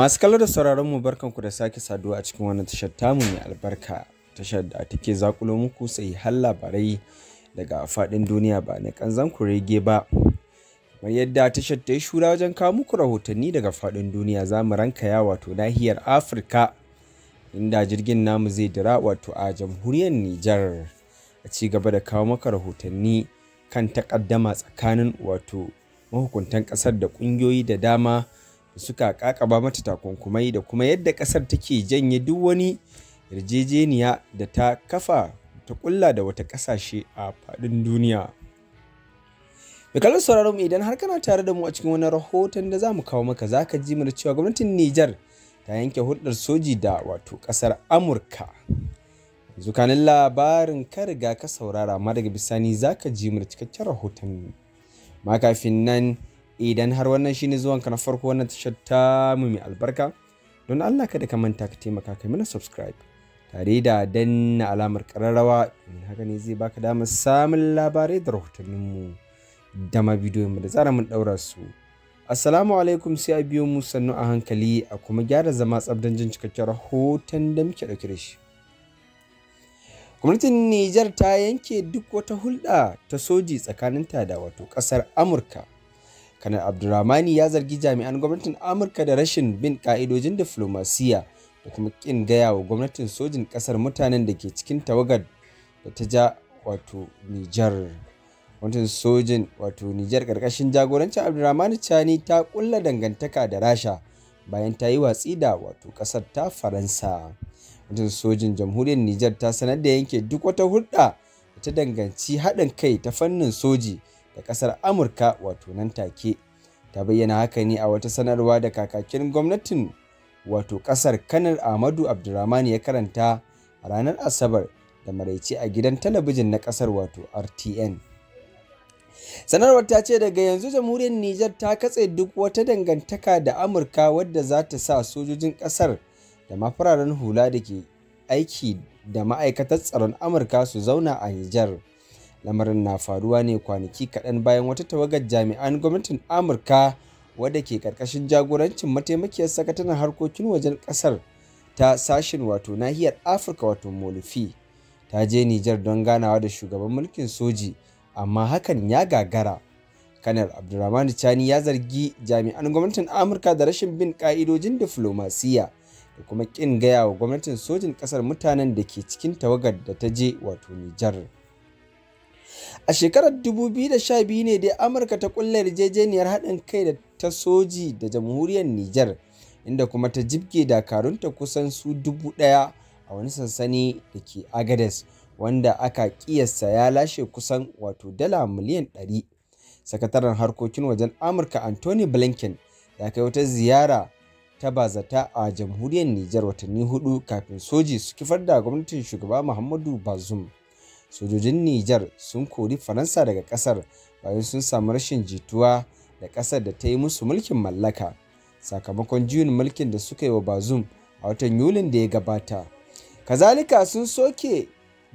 Masu kallo da sauraron mu barkan ku da sake saduwa a cikin wannan tashar tamu mai albarka tashar da take zakulo muku sai har labarai daga faɗin duniya ba na kanzan ku rege ba. Kamar yadda tashar ta yi shura wajen kawo muku rahotanni daga faɗin duniya za mu rankaya wato nahiyar Afirka inda jirgin namu zai dira wato a jamhuriyar Nijar a ci gaba da kawo maka rahotanni kan takaddama tsakanin wato mahukuntan kasar da ƙungiyoyi da dama da suka kakaba mata takunkumai da kuma yadda kasar take janye duk wani yarjejeniya da ta kafa ta kulla da wata kasashe a faɗin duniya. Mai kallon sauraron mu idan har kana tare da mu a cikin wani rahoton da zamu kawo maka zaka ka ji mana cewa gwamnatin Nijar ta yanke hulɗar soji da wato ƙasar Amurka. Yanzu kanin labarin ka riga ka saurara ma daga bisani zaka ka ji mana cikakken rahoton. Ma kafin nan idan har wannan shine zuwanka na farko wannan tashar ta mu mai albarka don Allah kada ka manta ka taimaka kai mana subscribe tare da danna alamar kararrawa domin haka ne zai baka damar samun labarai da rahotannin mu da ma bidiyon mu da tsara mun daura su assalamu alaikum sai a biyo mu sannu a hankali a kuma gyara zama tsabdan jin cikakken rahoton da muke dauke da shi gwamnatin Nijar ta yanke duk wata hulɗa ta soji tsakanin ta da wato ƙasar Amurka kanar abdurrahmani ya zargi jami'an gwamnatin amurka da rashin bin ka'idojin diflomasiyya da kuma kin gaya wa gwamnatin sojin kasar mutanen da ke cikin tawagar da ta ja wato nijar gwamnatin sojin wato nijar karkashin jagorancin abdulrahmani chani ta kulla dangantaka da rasha bayan ta yi watsi da wato kasar ta faransa gwamnatin sojin jamhuriyar nijar ta sanar da yanke duk wata hulɗa da ta danganci haɗin kai ta fannin soji da ƙasar amurka wato nan take ta bayyana haka ne a wata sanarwa da kakakin gwamnatin wato ƙasar kanar ahmadu abdulrahman ya karanta a ranar asabar da maraice a gidan talabijin na ƙasar wato rtn sanarwar ta ce daga yanzu jamhuriyar Nijar ta katse duk wata dangantaka da amurka wadda za ta sa sojojin ƙasar da mafararen hula da ke aiki da ma'aikatar tsaron amurka su zauna a Nijar. lamarin na faruwa ne kwanaki kaɗan bayan wata tawagar jami'an gwamnatin amurka wadda ke ƙarƙashin jagorancin mataimakiyar sakataren harkokin wajen ƙasar ta sashen wato nahiyar afirka wato molufi ta je nijar don ganawa da shugaban mulkin soji amma hakan ya gagara kanar abdulrahman chani ya zargi jami'an gwamnatin amurka da rashin bin ka'idojin diflomasiya da kuma ƙin gaya wa gwamnatin sojin ƙasar mutanen da ke cikin tawagar da ta je wato nijar A shekarar 2012 ne dai Amurka ta kulla yarjejeniyar haɗin kai da ta soji da jamhuriyar Nijar, inda kuma ta jibge dakarunta kusan su dubu ɗaya a wani sansani da ke Agades, wanda aka ƙiyasta ya lashe kusan wato dala miliyan 100. Sakataren harkokin wajen Amurka Anthony Blinken ya kai wata ziyara ta bazata a jamhuriyar Nijar watanni hudu kafin soji su kifar da gwamnatin shugaba Muhammadu Bazoum. sojojin Nijar sun kori Faransa daga ƙasar bayan sun samu rashin jituwa da ƙasar da ta yi musu mulkin mallaka sakamakon juyin mulkin da suka yi wa Bazum a watan Yulin da ya gabata. Kazalika sun soke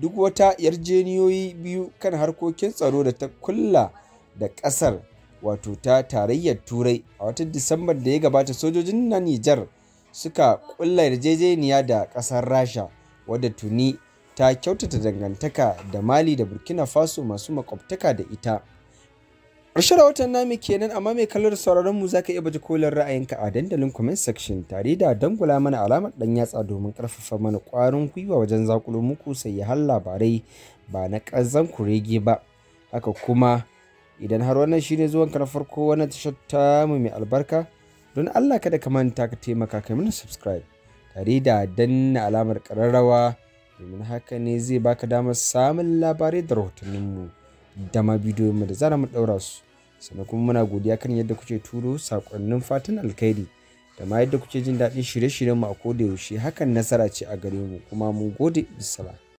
duk wata yarjeniyoyi biyu kan harkokin tsaro da ta kulla da ƙasar wato ta tarayyar Turai a watan Disambar da ya gabata sojojin na Nijar suka kulla yarjejeniya da ƙasar Rasha wadda tuni ta kyautata dangantaka da mali da burkina faso masu makwabtaka da ita ƙarshen rahoton nami kenan amma mai kallon sauraron mu zaka iya baje kolin ra'ayinka a dandalin comment section tare da dangula mana alamar dan yatsa domin ƙarfafa mana ƙwarin gwiwa wajen zakulo muku sai ya har labarai ba na ƙazan kurege ba haka kuma idan har wannan shine zuwan ka na farko wannan tashar ta mu mai albarka don Allah kada ka manta ka taimaka ka mana subscribe tare da danna alamar ƙararrawa domin haka ne zai baka damar samun labarai da rahotanninmu da ma mu da zara mu ɗaura su sannan kuma muna godiya kan yadda kuke turo sakonnin fatan alkhairi da ma yadda kuke jin daɗin shirye mu a koda yaushe hakan nasara ce a gare mu kuma mun gode bisala